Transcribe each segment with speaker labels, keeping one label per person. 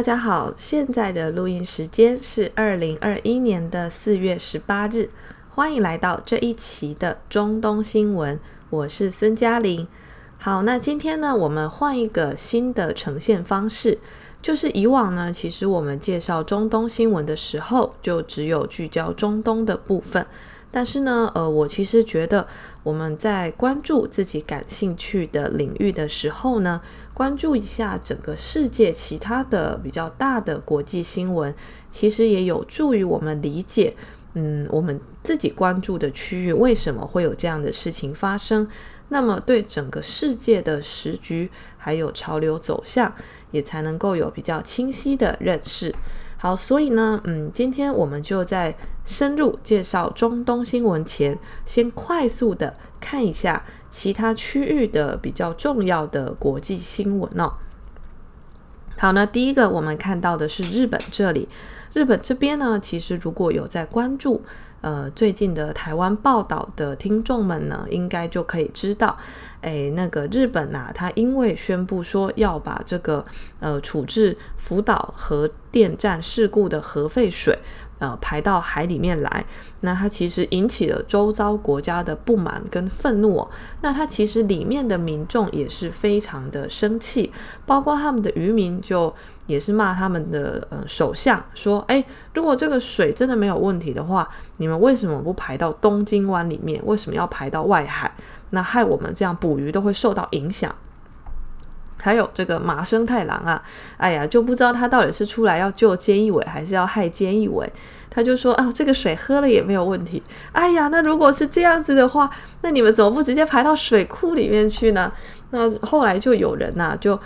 Speaker 1: 大家好，現在的錄音時間是二零二一年的四月十八日，歡迎來到這一期的中東新聞，我是孫嘉玲。好，那今天呢，我們換一個新的呈現方式，就是以往呢，其實我們介紹中東新聞的時候，就只有聚焦中東的部分。但是呢，呃，我其實覺得我們在關注自己感興趣的領域的時候呢，關注一下整個世界其他的比較大的國際新聞，其實也有助於我們理解，嗯，我們自己關注的區域為什麼會有這樣的事情發生。那麼，對整個世界的時局還有潮流走向，也才能夠有比較清晰的認識。好，所以呢，嗯，今天我們就在深入介紹中東新聞前，先快速地看一下其他區域的比較重要的國際新聞哦。好呢，那第一個我們看到的是日本這裡，日本這邊呢，其實如果有在關注呃最近的台灣報道的聽眾們呢，應該就可以知道。誒，那個日本啊，他因為宣布說要把這個呃處置福島核電站事故的核廢水呃排到海裡面來，那它其實引起了周遭國家的不滿跟憤怒哦。那它其實裡面的民眾也是非常的生氣，包括他們的漁民就也是罵他們的呃首相說：“誒，如果這個水真的沒有問題的話，你們為什麼不排到東京灣裡面？為什麼要排到外海？”那害我們這樣捕魚都會受到影響。還有這個麻生太郎啊，哎呀，就不知道他到底是出來要救菅義偉還是要害菅義偉。他就說啊、哦，這個水喝了也沒有問題。哎呀，那如果是這樣子的話，那你們怎麼不直接排到水庫裡面去呢？那後來就有人吶、啊，就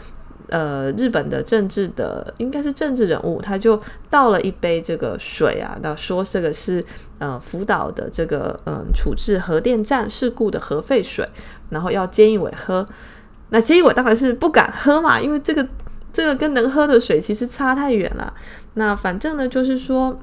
Speaker 1: 呃，日本的政治的應該是政治人物，他就倒了一杯這個水啊，那說這個是。呃，福島的這個嗯，處置核電站事故的核廢水，然後要菅義偉喝，那菅義偉當然是不敢喝嘛，因為這個這個跟能喝的水其實差太遠了。那反正呢，就是說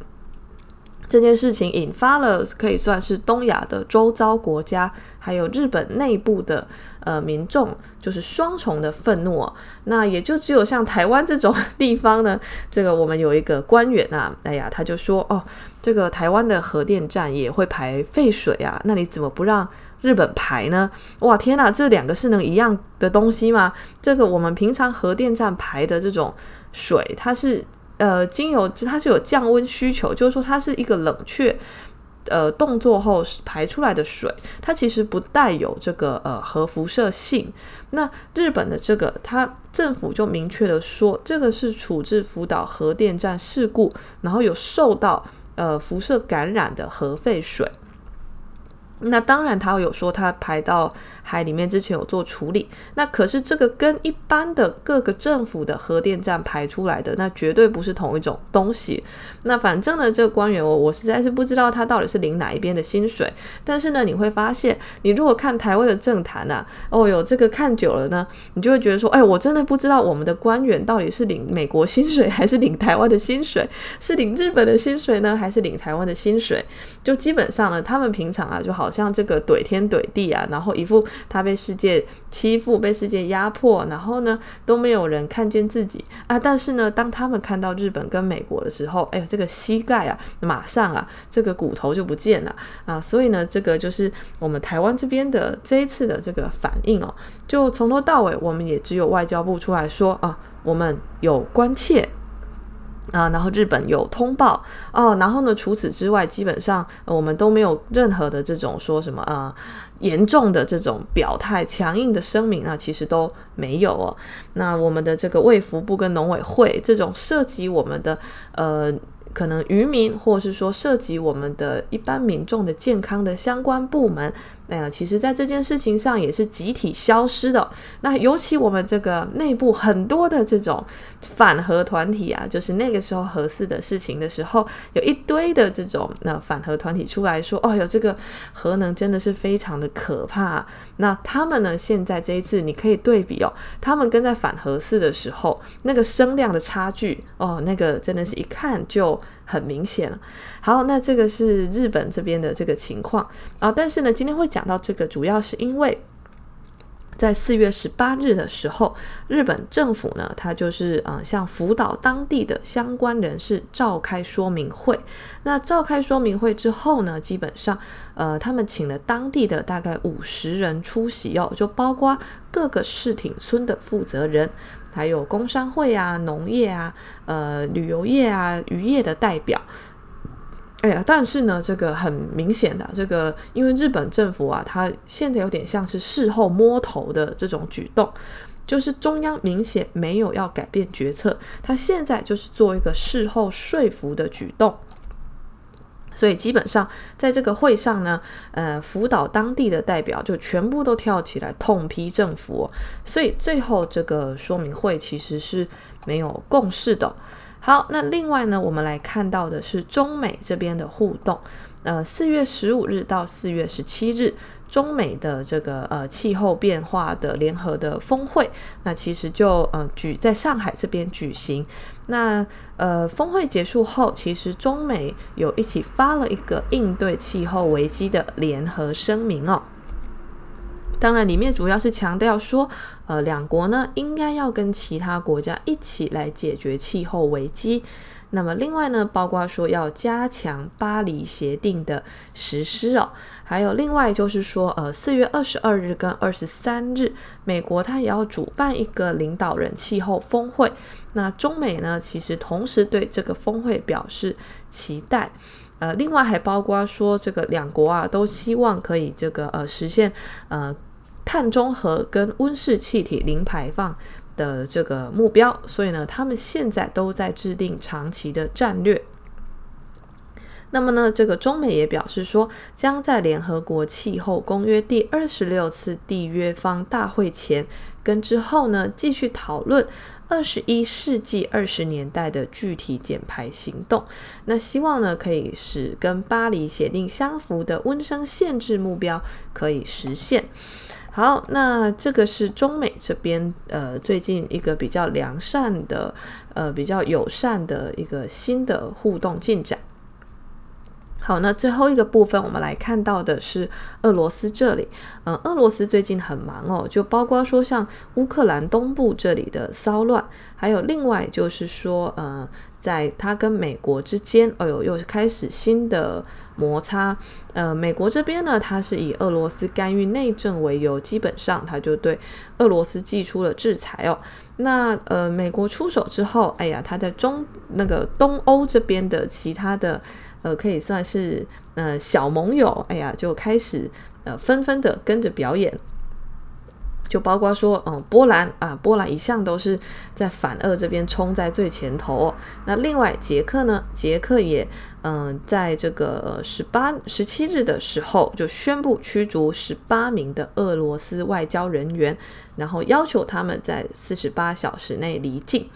Speaker 1: 這件事情引發了可以算是東亞的周遭國家，還有日本內部的呃民眾，就是雙重的憤怒。那也就只有像台灣這種地方呢，這個我們有一個官員啊，哎呀，他就說哦。這個台灣的核電站也會排廢水啊？那你怎麼不讓日本排呢？哇，天吶，這兩個是能一樣的東西嗎？這個我們平常核電站排的這種水，它是呃，經由它是有降溫需求，就是說它是一個冷卻呃動作後排出來的水，它其實不帶有這個呃核輻射性。那日本的這個，它政府就明確的說，這個是處置福島核電站事故，然後有受到。呃，輻射感染的核廢水。那當然，他有說他排到海裡面之前有做處理。那可是這個跟一般的各個政府的核電站排出來的，那絕對不是同一種東西。那反正呢，這個官員我我實在是不知道他到底是領哪一邊的薪水。但是呢，你會發現，你如果看台灣的政壇啊，哦喲，這個看久了呢，你就會覺得說，哎，我真的不知道我們的官員到底是領美國薪水還是領台灣的薪水，是領日本的薪水呢，還是領台灣的薪水？就基本上呢，他們平常啊就好。像這個懟天懟地啊，然後一副他被世界欺負、被世界壓迫，然後呢都沒有人看見自己啊。但是呢，當他們看到日本跟美國的時候，哎呦，這個膝蓋啊，馬上啊，這個骨頭就不見了啊。所以呢，這個就是我們台灣這邊的這一次的這個反應哦。就從頭到尾，我們也只有外交部出來說啊，我們有關切。啊，然後日本有通報哦，啊，然後呢，除此之外，基本上我們都沒有任何的這種說什麼啊，嚴重的這種表態、強硬的聲明啊，其實都沒有哦。那我們的這個衛福部跟農委會，這種涉及我們的，呃，可能漁民，或者是說涉及我們的一般民眾的健康的相關部門。那、哎、樣，其實，在這件事情上也是集體消失的。那尤其我們這個內部很多的這種反核團體啊，就是那個時候核四的事情的時候，有一堆的這種那反核團體出來說：“哦喲，這個核能真的是非常的可怕。”那他們呢，現在這一次你可以對比哦，他們跟在反核四的時候那個聲量的差距哦，那個真的是一看就。很明顯了。好，那這個是日本這邊的這個情況啊。但是呢，今天會講到這個，主要是因為在四月十八日的時候，日本政府呢，他就是嗯、呃，向福島當地的相關人士召開說明會。那召開說明會之後呢，基本上呃，他們請了當地的大概五十人出席哦，就包括各個市町村的負責人。還有工商會啊、農業啊、呃、旅遊業啊、漁業的代表，哎呀，但是呢，這個很明顯的，這個因為日本政府啊，它現在有點像是事後摸頭的這種舉動，就是中央明顯沒有要改變決策，他現在就是做一個事後說服的舉動。所以基本上，在這個會上呢，呃，福島當地的代表就全部都跳起來痛批政府哦。所以最後這個說明會其實是沒有共識的。好，那另外呢，我們來看到的是中美這邊的互動。呃，四月十五日到四月十七日，中美的這個呃氣候變化的聯合的峰會，那其實就呃舉在上海這邊舉行。那呃，峰會結束後，其實中美有一起發了一個應對氣候危機的聯合聲明哦。當然，裡面主要是強調說，呃，兩國呢應該要跟其他國家一起來解決氣候危機。那麼另外呢，包括說要加強巴黎協定的實施哦，還有另外就是說，呃，四月二十二日跟二十三日，美國它也要主辦一個領導人氣候峰會，那中美呢其實同時對這個峰會表示期待，呃，另外還包括說這個兩國啊都希望可以這個呃實現呃碳中和跟溫室氣體零排放的這個目標，所以呢，他們現在都在制定長期的戰略。那麼呢，這個中美也表示說，將在聯合國氣候公約第二十六次締約方大會前跟之後呢，繼續討論二十一世紀二十年代的具體減排行動。那希望呢，可以使跟巴黎協定相符的溫升限制目標可以實現。好，那這個是中美這邊呃最近一個比較良善的呃比較友善的一個新的互動進展。好，那最後一個部分，我們來看到的是俄羅斯這裡，嗯、呃，俄羅斯最近很忙哦，就包括說像烏克蘭東部這裡的騷亂，還有另外就是說，嗯、呃。在他跟美國之間，哎呦，又是開始新的摩擦。呃，美國這邊呢，他是以俄羅斯干預內政為由，基本上他就對俄羅斯祭出了制裁哦。那呃，美國出手之後，哎呀，他在中那個東歐這邊的其他的呃，可以算是呃小盟友，哎呀，就開始呃紛紛的跟着表演。就包括說，嗯，波蘭啊，波蘭一向都是在反俄這邊衝在最前頭哦。那另外，捷克呢，捷克也，嗯，呃，在這個十八、十七日的時候就宣布驅逐十八名的俄羅斯外交人員，然後要求他們在四十八小時內離境。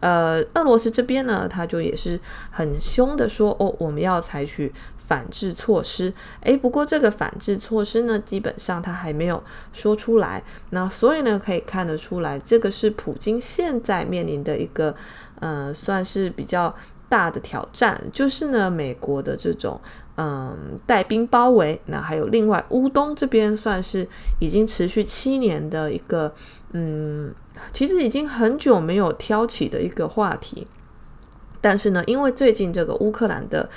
Speaker 1: 呃，俄羅斯這邊呢，他就也是很凶的說，哦，我們要採取。反制措施，誒，不過這個反制措施呢，基本上他還沒有說出來，那所以呢，可以看得出來，這個是普京現在面臨的一個，嗯、呃，算是比較大的挑戰，就是呢，美國的這種，嗯、呃，帶兵包圍，那還有另外，烏東這邊算是已經持續七年的一個，嗯，其實已經很久沒有挑起的一個話題，但是呢，因為最近這個烏克蘭的。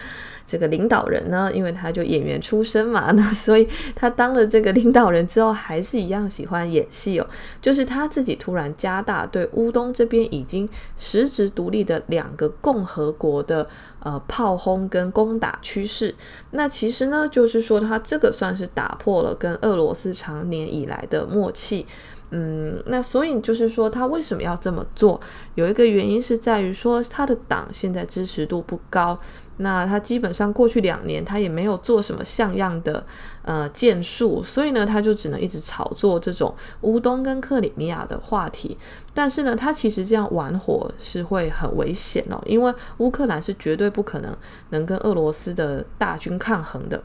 Speaker 1: 這個領導人呢，因為他就演員出身嘛，那所以他當了這個領導人之後，還是一樣喜歡演戲哦。就是他自己突然加大對烏東這邊已經實質獨立的兩個共和國的呃炮轟跟攻打趨勢。那其實呢，就是說他這個算是打破了跟俄羅斯長年以來的默契。嗯，那所以就是說他為什麼要這麼做？有一個原因是在於說他的黨現在支持度不高。那他基本上過去兩年，他也沒有做什麼像樣的呃建樹，所以呢，他就只能一直炒作這種烏東跟克里米亞的話題。但是呢，他其實這樣玩火是會很危險哦，因為烏克蘭是絕對不可能能跟俄羅斯的大軍抗衡的。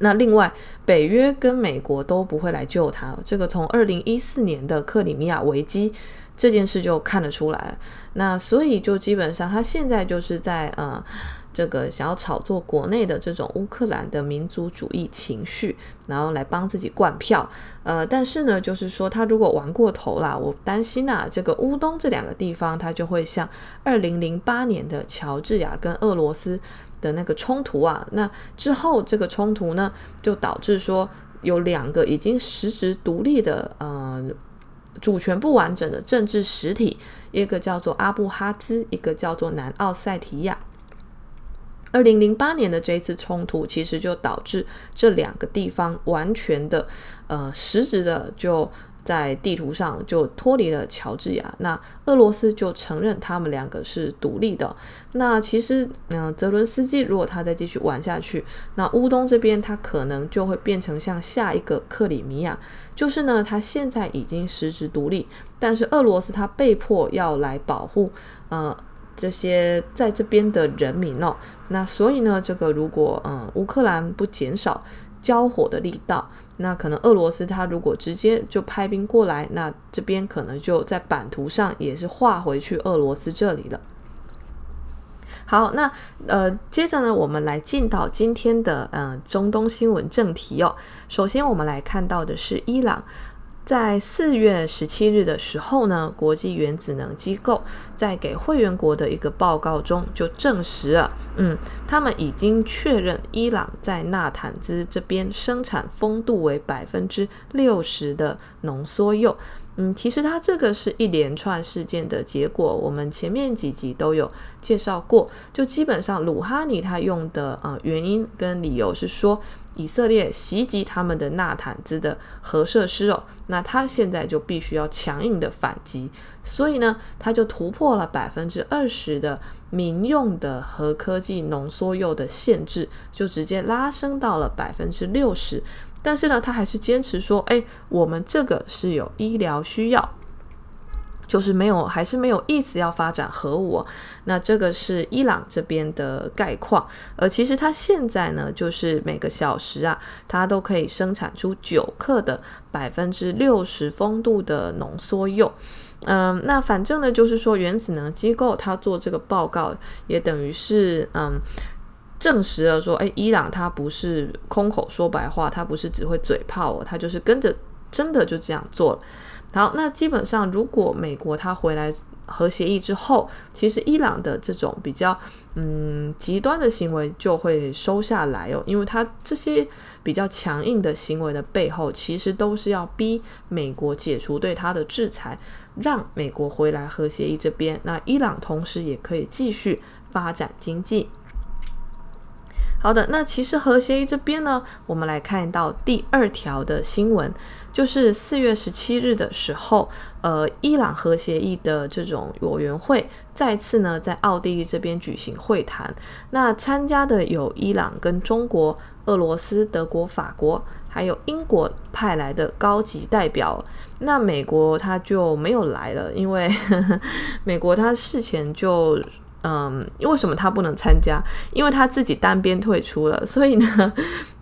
Speaker 1: 那另外，北約跟美國都不會來救他。這個從二零一四年的克里米亞危機，這件事就看得出來了，那所以就基本上他現在就是在呃這個想要炒作國內的這種烏克蘭的民族主義情緒，然後來幫自己灌票。呃，但是呢，就是說他如果玩過頭了，我擔心吶、啊，這個烏東這兩個地方，它就會像二零零八年的喬治亞跟俄羅斯的那個衝突啊。那之後這個衝突呢，就導致說有兩個已經實質獨立的呃。主權不完整的政治實體，一個叫做阿布哈茲，一個叫做南奧塞提亞。二零零八年的這一次衝突，其實就導致這兩個地方完全的，呃，實質的就。在地圖上就脫離了喬治亞，那俄羅斯就承認他們兩個是獨立的。那其實，嗯、呃，澤倫斯基如果他再繼續玩下去，那烏東這邊他可能就會變成像下一個克里米亞，就是呢，他現在已經實質獨立，但是俄羅斯他被迫要來保護，呃，這些在這邊的人民哦。那所以呢，這個如果嗯、呃，烏克蘭不減少交火的力道。那可能俄羅斯他如果直接就派兵過來，那這邊可能就在版圖上也是劃回去俄羅斯這裡了。好，那呃，接着呢，我們來進到今天的嗯、呃，中東新聞正題哦。首先我們來看到的是伊朗。在四月十七日的時候呢，國際原子能機構在給會員國的一個報告中就證實了，嗯，他們已經確認伊朗在納坦茲這邊生產豐度為百分之六十的濃縮鈾。嗯，其實它這個是一連串事件的結果，我們前面幾集都有介紹過。就基本上魯哈尼他用的呃原因跟理由是說。以色列襲擊他們的納坦茲的核設施哦，那他現在就必須要強硬的反擊，所以呢，他就突破了百分之二十的民用的核科技濃縮鈾的限制，就直接拉升到了百分之六十。但是呢，他還是堅持說，哎，我們這個是有醫療需要，就是沒有，還是沒有意思要發展核武哦。那這個是伊朗這邊的概況，呃，其實它現在呢，就是每個小時啊，它都可以生產出九克的百分之六十豐度的濃縮鈾。嗯，那反正呢，就是說原子能機構它做這個報告，也等於是嗯，證實了說，哎，伊朗它不是空口說白話，它不是只會嘴炮哦，它就是跟着真的就這樣做了。好，那基本上如果美國它回來核協議之後，其實伊朗的這種比較嗯極端的行為就會收下來哦，因為他這些比較強硬的行為的背後，其實都是要逼美國解除對他的制裁，讓美國回來核協議這邊，那伊朗同時也可以繼續發展經濟。好的，那其實核協議這邊呢，我們來看到第二條的新聞，就是四月十七日的時候，呃，伊朗核協議的這種委員會再次呢在奧地利這邊舉行會談。那參加的有伊朗、跟中國、俄羅斯、德國、法國，還有英國派來的高級代表。那美國他就沒有來了，因為呵呵美國他事前就。嗯，為什麼他不能參加？因為他自己單邊退出了，所以呢，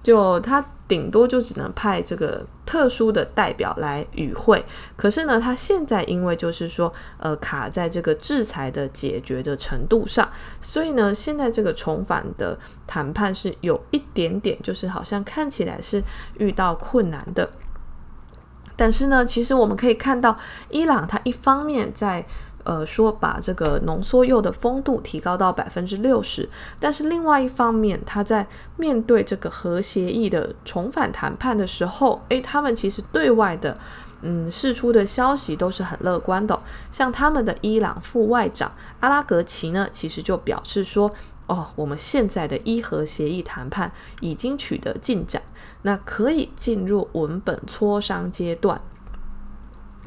Speaker 1: 就他頂多就只能派這個特殊的代表來與會。可是呢，他現在因為就是說，呃，卡在這個制裁的解決的程度上，所以呢，現在這個重返的談判是有一點點，就是好像看起來是遇到困難的。但是呢，其實我們可以看到，伊朗他一方面在呃，說把這個濃縮鈾的豐度提高到百分之六十，但是另外一方面，他在面對這個核協議的重返談判的時候，誒，他們其實對外的，嗯，釋出的消息都是很樂觀的哦。像他們的伊朗副外長阿拉格奇呢，其實就表示說，哦，我們現在的伊核協議談判已經取得進展，那可以進入文本磋商階段。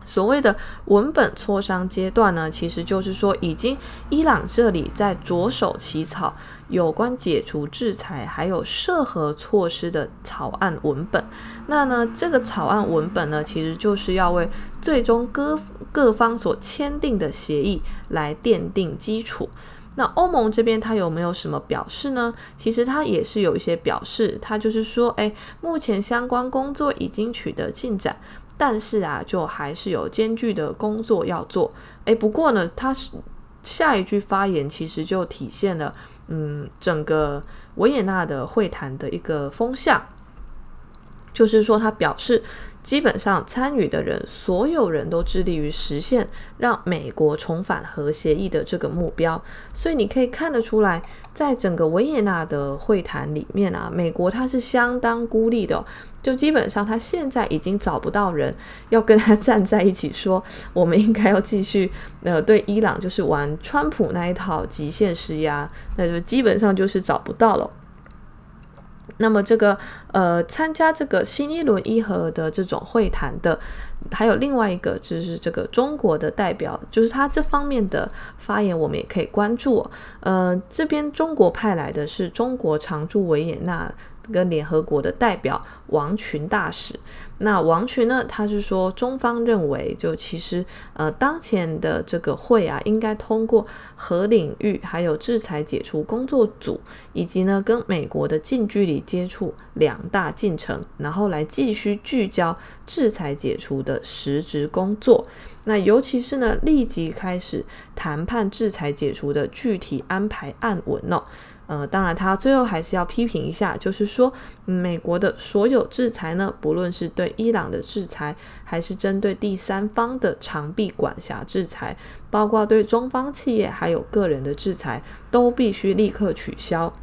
Speaker 1: 所謂的文本磋商階段呢，其實就是說，已經伊朗這裡在着手起草有關解除制裁還有涉核措施的草案文本。那呢，這個草案文本呢，其實就是要為最終各各方所簽訂的協議來奠定基礎。那歐盟這邊它有沒有什麼表示呢？其實它也是有一些表示，它就是說，誒、哎，目前相關工作已經取得進展。但是啊，就還是有艱巨的工作要做。誒，不過呢，他是下一句發言，其實就體現了嗯，整個維也納的會談的一個風向，就是說他表示，基本上參與的人，所有人都致力於實現讓美國重返核協議的這個目標。所以你可以看得出來，在整個維也納的會談裡面啊，美國它是相當孤立的哦。就基本上，他現在已經找不到人要跟他站在一起說，說我們應該要繼續呃對伊朗就是玩川普那一套極限施壓，那就基本上就是找不到了。那麼這個呃參加這個新一輪伊核的這種會談的，還有另外一個就是這個中國的代表，就是他這方面的發言，我們也可以關注哦。呃，這邊中國派來的是中國常駐維也納，跟聯合國的代表王群大使，那王群呢，他是說中方認為，就其實呃，當前的這個會啊，應該通過核領域還有制裁解除工作組，以及呢跟美國的近距離接觸兩大進程，然後來繼續聚焦制裁解除的實質工作。那尤其是呢，立即開始談判制裁解除的具體安排案文哦。呃、嗯，當然，他最後還是要批評一下，就是說，美國的所有制裁呢，不論是對伊朗的制裁，還是針對第三方的長臂管轄制裁，包括對中方企業還有個人的制裁，都必須立刻取消。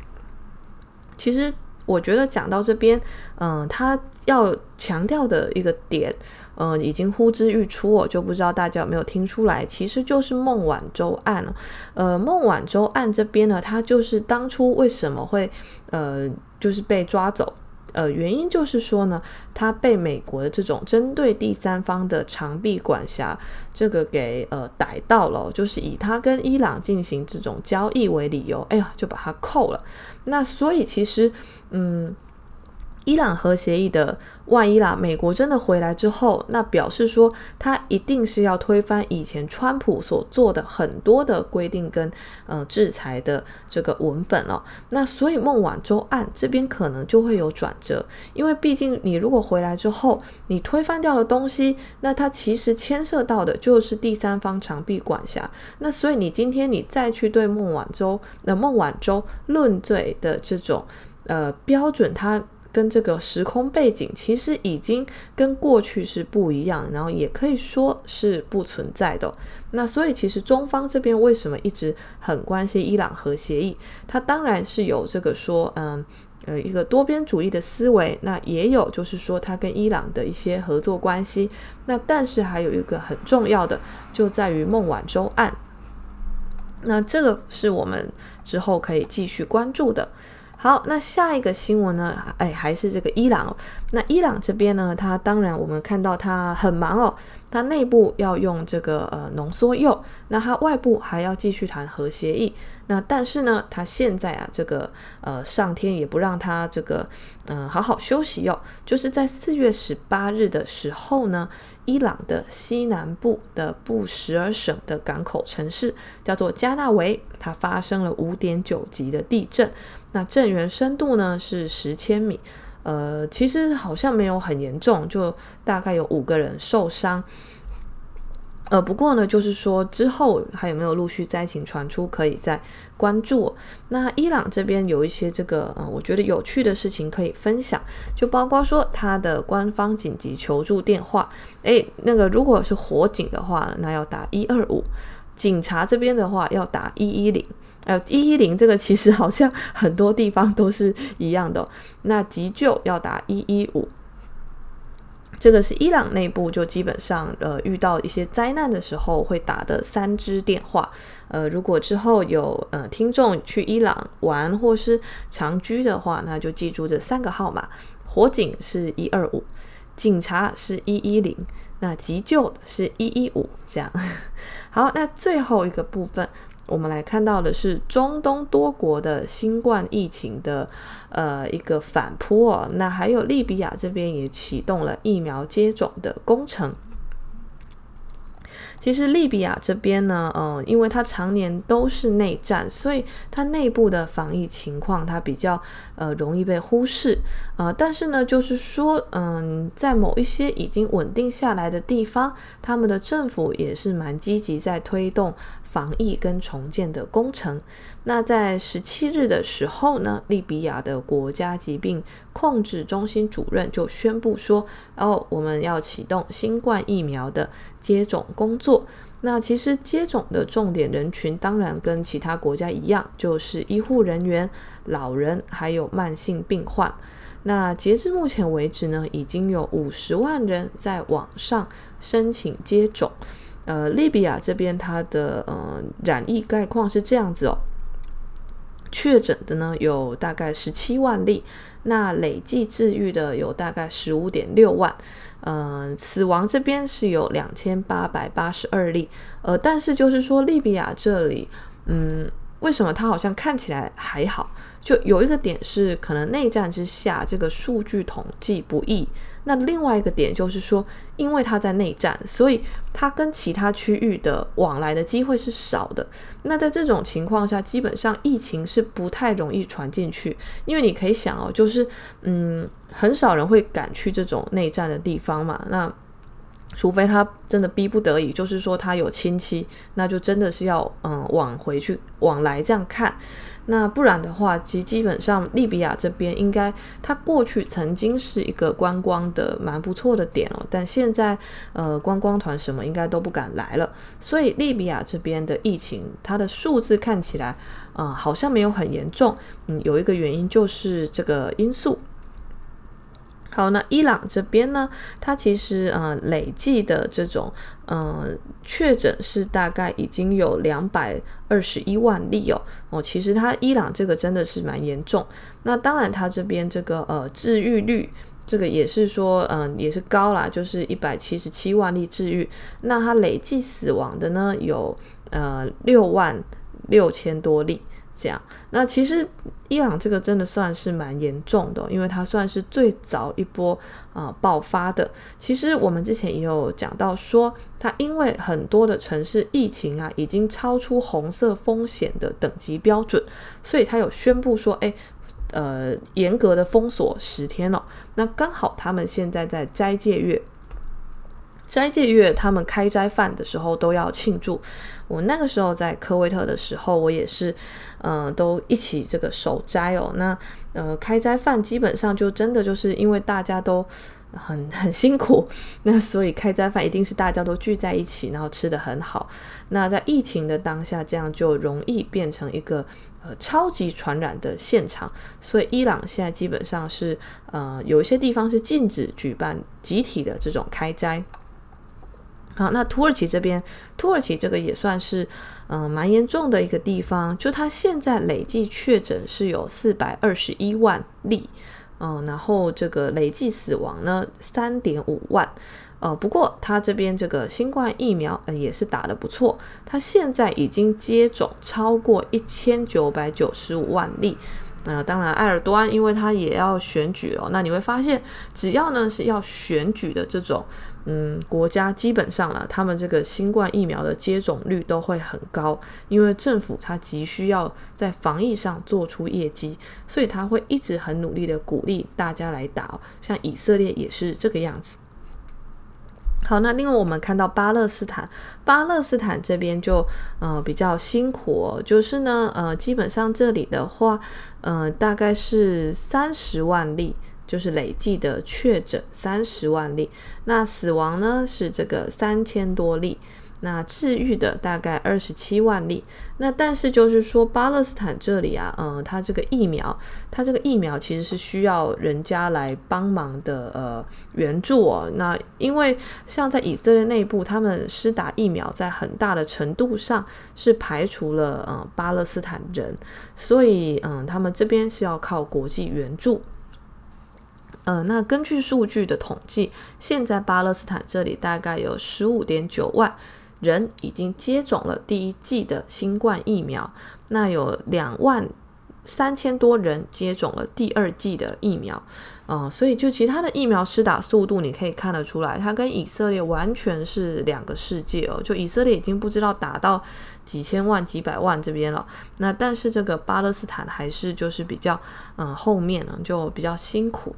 Speaker 1: 其實，我覺得講到這邊，嗯，他要強調的一個點。嗯，已經呼之欲出，我就不知道大家有沒有聽出來，其實就是孟晚舟案了。呃，孟晚舟案這邊呢，他就是當初為什麼會呃就是被抓走，呃，原因就是說呢，他被美國的這種針對第三方的長臂管轄這個給呃逮到了，就是以他跟伊朗進行這種交易為理由，哎呀，就把他扣了。那所以其實嗯。伊朗核協議的萬一啦，美國真的回來之後，那表示說他一定是要推翻以前川普所做的很多的規定跟呃制裁的這個文本了，哦。那所以孟晚舟案這邊可能就會有轉折，因為畢竟你如果回來之後，你推翻掉的東西，那它其實牽涉到的就是第三方長臂管轄。那所以你今天你再去對孟晚舟那、呃、孟晚舟論罪的這種呃標準，它跟這個時空背景其實已經跟過去是不一樣，然後也可以說是不存在的。那所以其實中方這邊為什麼一直很關心伊朗核協議？它當然是有這個說，嗯，呃，一個多邊主義的思維。那也有就是說，它跟伊朗的一些合作關係。那但是還有一個很重要的，就在於孟晚舟案。那這個是我們之後可以繼續關注的。好，那下一個新聞呢？哎，還是這個伊朗哦。那伊朗這邊呢，他當然我們看到他很忙哦，他內部要用這個呃濃縮鈾，那他外部還要繼續談核協議。那但是呢，他現在啊，這個呃上天也不讓他這個嗯、呃、好好休息喲、哦，就是在四月十八日的時候呢。伊朗的西南部的布什爾省的港口城市叫做加納維，它發生了五點九級的地震，那震源深度呢是十千米，呃，其實好像沒有很嚴重，就大概有五個人受傷。呃，不過呢，就是說之後還有沒有陸續災情傳出，可以再關注哦。那伊朗這邊有一些這個，嗯，呃，我覺得有趣的事情可以分享，就包括說它的官方緊急求助電話，哎，那個如果是火警的話，那要打一二五；警察這邊的話要打一一零，呃，一一零這個其實好像很多地方都是一樣的哦。那急救要打一一五。這個是伊朗內部就基本上呃遇到一些災難的時候會打的三支電話。呃，如果之後有呃聽眾去伊朗玩或是長居的話，那就記住這三個號碼：火警是一二五，警察是一一零，那急救是一一五。這樣好，那最後一個部分。我們來看到的是中東多國的新冠疫情的呃一個反撲哦，那還有利比亞這邊也啟動了疫苗接種的工程。其實利比亞這邊呢，嗯、呃，因為它常年都是內戰，所以它內部的防疫情況它比較呃容易被忽視，呃，但是呢，就是說，嗯、呃，在某一些已經穩定下來的地方，他們的政府也是蠻積極在推動。防疫跟重建的工程。那在十七日的時候呢，利比亞的國家疾病控制中心主任就宣布說，哦，我們要啟動新冠疫苗的接種工作。那其實接種的重點人群，當然跟其他國家一樣，就是醫護人員、老人還有慢性病患。那截至目前為止呢，已經有五十萬人在網上申請接種。呃，利比亞這邊它的呃染疫概況是這樣子哦，確診的呢有大概十七萬例，那累計治癒的有大概十五點六萬，嗯、呃，死亡這邊是有兩千八百八十二例，呃，但是就是說利比亞這裡，嗯，為什麼它好像看起來還好？就有一個點是，可能內戰之下這個數據統計不易。那另外一個點就是說，因為他在內戰，所以他跟其他區域的往來的機會是少的。那在這種情況下，基本上疫情是不太容易傳進去，因為你可以想哦，就是嗯，很少人會敢去這種內戰的地方嘛。那除非他真的逼不得已，就是說他有親戚，那就真的是要嗯，往回去往來這樣看。那不然的話，其實基本上利比亞這邊應該，它過去曾經是一個觀光的蠻不錯的點哦，但現在呃，觀光團什麼應該都不敢來了，所以利比亞這邊的疫情，它的數字看起來啊、呃，好像沒有很嚴重。嗯，有一個原因就是這個因素。好，那伊朗這邊呢，它其實呃累計的這種呃確診是大概已經有兩百二十一萬例哦哦，其實它伊朗這個真的是蠻嚴重。那當然它這邊這個呃治癒率這個也是說嗯、呃、也是高啦，就是一百七十七萬例治癒。那它累計死亡的呢有呃六萬六千多例。這樣，那其實伊朗這個真的算是蠻嚴重的，因為它算是最早一波啊、呃、爆發的。其實我們之前也有講到說，它因為很多的城市疫情啊已經超出紅色風險的等級標準，所以它有宣布說，哎，呃，嚴格的封鎖十天了，哦。那剛好他們現在在齋戒月，齋戒月他們開齋飯的時候都要慶祝。我那個時候在科威特的時候，我也是，呃，都一起這個守齋哦。那呃，開齋飯基本上就真的就是因為大家都很很辛苦，那所以開齋飯一定是大家都聚在一起，然後吃得很好。那在疫情的當下，這樣就容易變成一個呃超級傳染的現場。所以伊朗現在基本上是呃有一些地方是禁止舉辦集體的這種開齋。好，那土耳其這邊，土耳其這個也算是嗯、呃、蠻嚴重的一個地方，就它現在累計確診是有四百二十一萬例，嗯、呃，然後這個累計死亡呢三點五萬，呃，不過它這邊這個新冠疫苗、呃、也是打得不錯，它現在已經接種超過一千九百九十五萬例，那、呃、當然埃爾多安因為他也要選舉哦，那你會發現只要呢是要選舉的這種。嗯，國家基本上了，他們這個新冠疫苗的接種率都會很高，因為政府它急需要在防疫上做出業績，所以他會一直很努力的鼓勵大家來打哦。像以色列也是這個樣子。好，那另外我們看到巴勒斯坦，巴勒斯坦這邊就呃比較辛苦哦，就是呢呃基本上這裡的話，呃大概是三十萬例。就是累計的確診三十萬例，那死亡呢是這個三千多例，那治癒的大概二十七萬例。那但是就是說巴勒斯坦這裡啊，嗯，它這個疫苗，它這個疫苗其實是需要人家來幫忙的呃援助哦。那因為像在以色列內部，他們施打疫苗在很大的程度上是排除了嗯巴勒斯坦人，所以嗯他們這邊是要靠國際援助。呃、嗯，那根據數據的統計，現在巴勒斯坦這裡大概有十五點九萬人已經接種了第一劑的新冠疫苗，那有兩萬三千多人接種了第二劑的疫苗。嗯，所以就其他的疫苗施打速度，你可以看得出來，它跟以色列完全是兩個世界哦。就以色列已經不知道打到幾千萬、幾百萬這邊了，那但是這個巴勒斯坦還是就是比較嗯後面呢，就比較辛苦。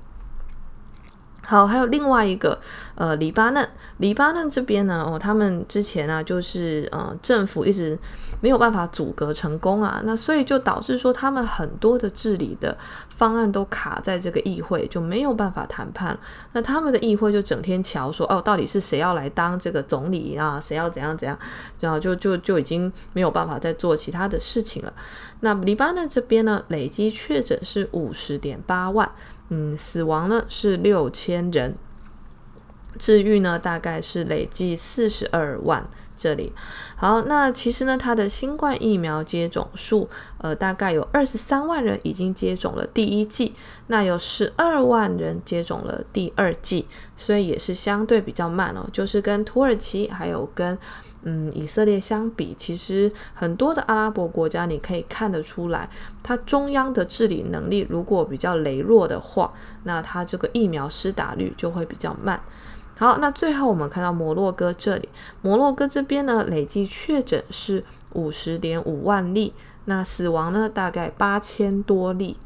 Speaker 1: 好，還有另外一個，呃，黎巴嫩，黎巴嫩這邊呢，哦，他們之前啊，就是呃，政府一直沒有辦法組閣成功啊，那所以就導致說他們很多的治理的方案都卡在這個議會，就沒有辦法談判了。那他們的議會就整天吵說，哦，到底是誰要來當這個總理啊？誰要怎樣怎樣？然後就就就已經沒有辦法再做其他的事情了。那黎巴嫩這邊呢，累計確診是五十點八萬，嗯，死亡呢是六千人。治癒呢，大概是累計四十二萬這裡。好，那其實呢，它的新冠疫苗接種數，呃，大概有二十三萬人已經接種了第一劑，那有十二萬人接種了第二劑，所以也是相對比較慢哦。就是跟土耳其還有跟嗯以色列相比，其實很多的阿拉伯國家，你可以看得出來，它中央的治理能力如果比較羸弱的話，那它這個疫苗施打率就會比較慢。好，那最後我們看到摩洛哥這裡，摩洛哥這邊呢，累計確診是五十點五萬例，那死亡呢，大概八千多例。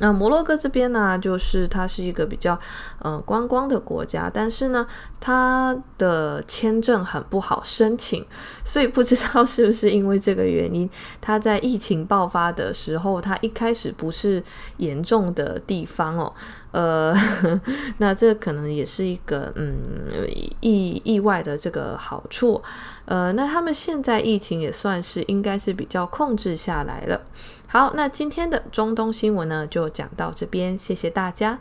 Speaker 1: 那摩洛哥這邊呢，啊，就是它是一個比較呃觀光、光的國家，但是呢，它的簽證很不好申請，所以不知道是不是因為這個原因，它在疫情爆發的時候，它一開始不是嚴重的地方哦。呃， 那這可能也是一個嗯意意外的這個好處。呃，那他們現在疫情也算是應該是比較控制下來了。好，那今天的中東新聞呢，就講到這邊，謝謝大家。